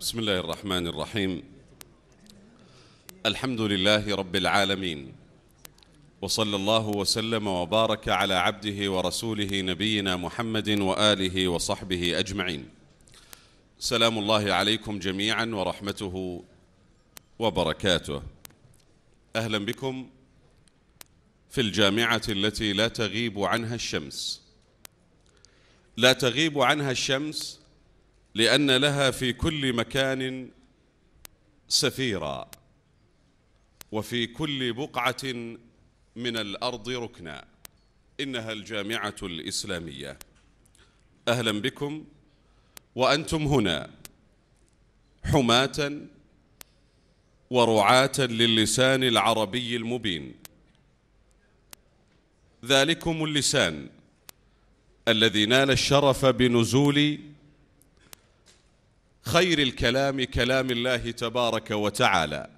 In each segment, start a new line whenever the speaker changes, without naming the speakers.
بسم الله الرحمن الرحيم الحمد لله رب العالمين وصلى الله وسلم وبارك على عبده ورسوله نبينا محمد واله وصحبه اجمعين سلام الله عليكم جميعا ورحمته وبركاته اهلا بكم في الجامعه التي لا تغيب عنها الشمس لا تغيب عنها الشمس لأن لها في كل مكان سفيرا وفي كل بقعة من الأرض ركنا إنها الجامعة الإسلامية أهلا بكم وأنتم هنا حماة ورعاة للسان العربي المبين ذلكم اللسان الذي نال الشرف بنزول خير الكلام كلام الله تبارك وتعالى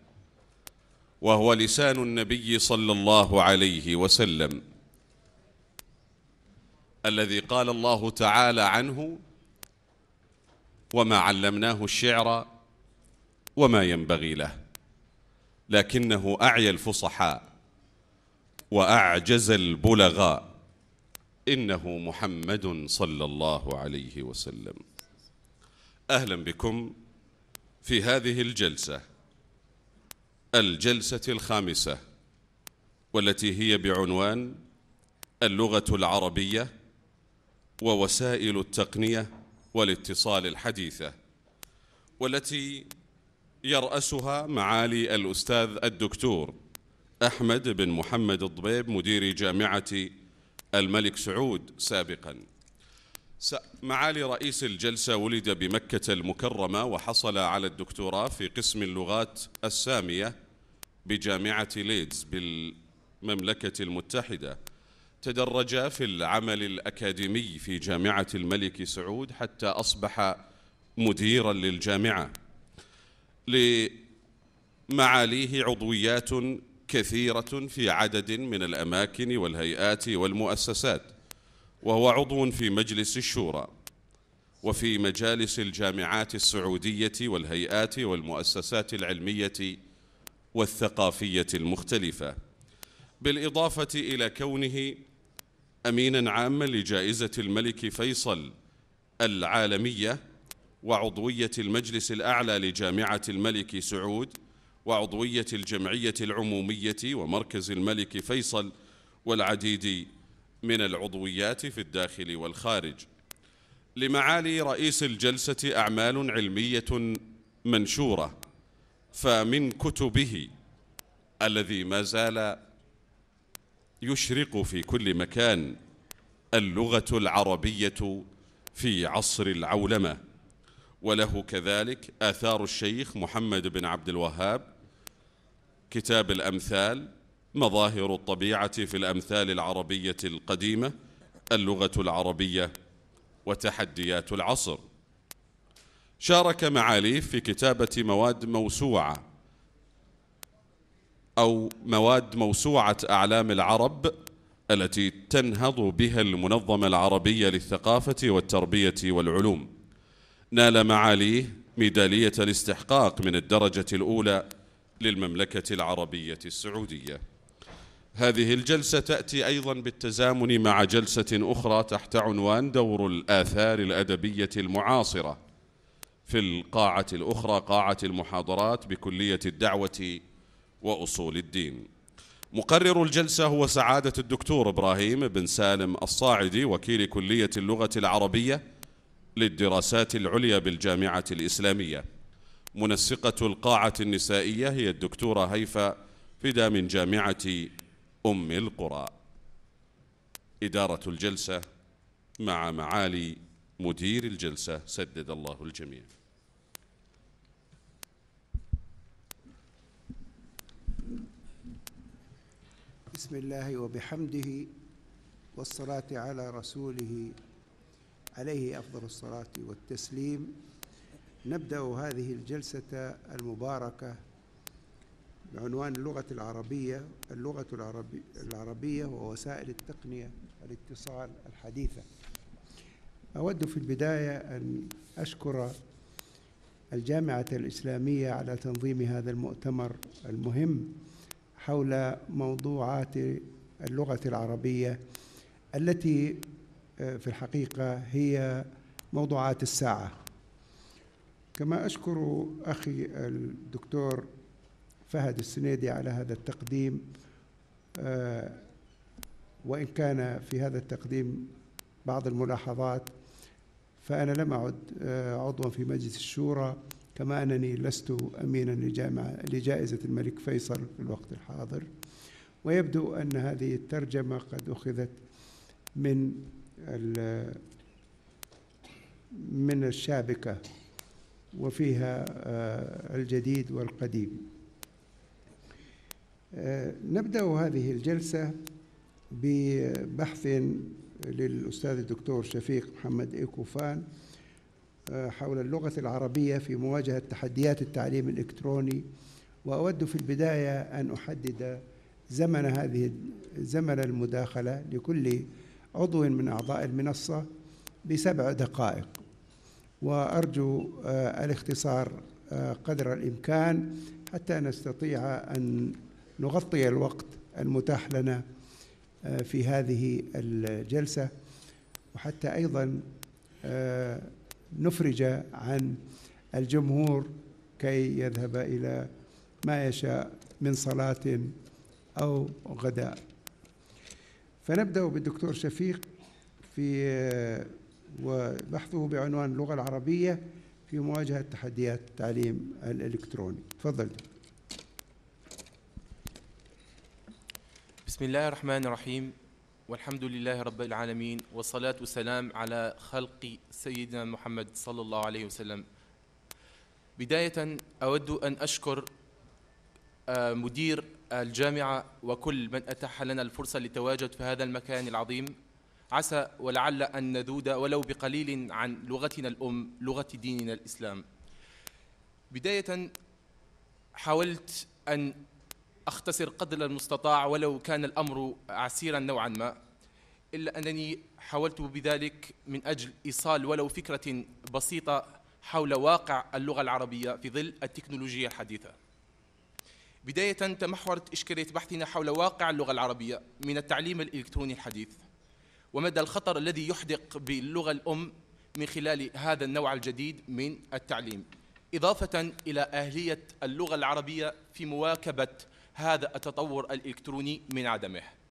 وهو لسان النبي صلى الله عليه وسلم الذي قال الله تعالى عنه وما علمناه الشعر وما ينبغي له لكنه أعيا الفصحاء وأعجز البلغاء إنه محمد صلى الله عليه وسلم أهلا بكم في هذه الجلسة الجلسة الخامسة والتي هي بعنوان اللغة العربية ووسائل التقنية والاتصال الحديثة والتي يرأسها معالي الأستاذ الدكتور أحمد بن محمد الضبيب مدير جامعة الملك سعود سابقاً معالي رئيس الجلسة ولد بمكة المكرمة وحصل على الدكتوراه في قسم اللغات السامية بجامعة ليدز بالمملكة المتحدة تدرج في العمل الأكاديمي في جامعة الملك سعود حتى أصبح مديرا للجامعة لمعاليه عضويات كثيرة في عدد من الأماكن والهيئات والمؤسسات وهو عضو في مجلس الشورى وفي مجالس الجامعات السعودية والهيئات والمؤسسات العلمية والثقافية المختلفة بالإضافة إلى كونه أميناً عاماً لجائزة الملك فيصل العالمية وعضوية المجلس الأعلى لجامعة الملك سعود وعضوية الجمعية العمومية ومركز الملك فيصل والعديد من العضويات في الداخل والخارج لمعالي رئيس الجلسة أعمال علمية منشورة فمن كتبه الذي ما زال يشرق في كل مكان اللغة العربية في عصر العولمة وله كذلك آثار الشيخ محمد بن عبد الوهاب كتاب الأمثال مظاهر الطبيعة في الأمثال العربية القديمة اللغة العربية وتحديات العصر شارك معاليف في كتابة مواد موسوعة أو مواد موسوعة أعلام العرب التي تنهض بها المنظمة العربية للثقافة والتربية والعلوم نال معاليه ميدالية الاستحقاق من الدرجة الأولى للمملكة العربية السعودية هذه الجلسة تأتي أيضا بالتزامن مع جلسة أخرى تحت عنوان دور الآثار الأدبية المعاصرة في القاعة الأخرى قاعة المحاضرات بكلية الدعوة وأصول الدين مقرر الجلسة هو سعادة الدكتور إبراهيم بن سالم الصاعدي وكيل كلية اللغة العربية للدراسات العليا بالجامعة الإسلامية منسقة القاعة النسائية هي الدكتورة هيفا فدا من جامعة أم القرى إدارة الجلسة مع معالي مدير الجلسة سدد الله الجميع
بسم الله وبحمده والصلاة على رسوله عليه أفضل الصلاة والتسليم نبدأ هذه الجلسة المباركة بعنوان اللغة العربية اللغة العربي العربية ووسائل التقنية الاتصال الحديثة أود في البداية أن أشكر الجامعة الإسلامية على تنظيم هذا المؤتمر المهم حول موضوعات اللغة العربية التي آه، في الحقيقة هي موضوعات الساعة كما أشكر أخي الدكتور فهد السنيدي على هذا التقديم آه، وإن كان في هذا التقديم بعض الملاحظات فأنا لم أعد آه، عضوا في مجلس الشورى كما أنني لست أمينا لجامعة لجائزة الملك فيصل في الوقت الحاضر ويبدو أن هذه الترجمة قد أخذت من من الشابكة وفيها آه، الجديد والقديم آه، نبدأ هذه الجلسة ببحث للأستاذ الدكتور شفيق محمد إيكوفان آه، حول اللغة العربية في مواجهة تحديات التعليم الإلكتروني وأود في البداية أن أحدد زمن هذه زمن المداخلة لكل عضو من أعضاء المنصة بسبع دقائق وأرجو آه، الاختصار قدر الإمكان حتى نستطيع أن نغطي الوقت المتاح لنا آه، في هذه الجلسة وحتى أيضا آه، نفرج عن الجمهور كي يذهب إلى ما يشاء من صلاة أو غداء فنبدأ بالدكتور شفيق في آه، وبحثه بعنوان اللغة العربية في مواجهة تحديات التعليم الإلكتروني تفضل دكتور
بسم الله الرحمن الرحيم والحمد لله رب العالمين والصلاة والسلام على خلق سيدنا محمد صلى الله عليه وسلم بداية أود أن أشكر آه، مدير الجامعة وكل من أتاح لنا الفرصة للتواجد في هذا المكان العظيم عسى ولعل أن نذود ولو بقليل عن لغتنا الأم لغة ديننا الإسلام بداية حاولت أن أختصر قدر المستطاع ولو كان الأمر عسيرا نوعا ما إلا أنني حاولت بذلك من أجل إيصال ولو فكرة بسيطة حول واقع اللغة العربية في ظل التكنولوجيا الحديثة بداية تمحورت إشكالية بحثنا حول واقع اللغة العربية من التعليم الإلكتروني الحديث ومدى الخطر الذي يحدق باللغة الأم من خلال هذا النوع الجديد من التعليم إضافة إلى أهلية اللغة العربية في مواكبة هذا التطور الإلكتروني من عدمه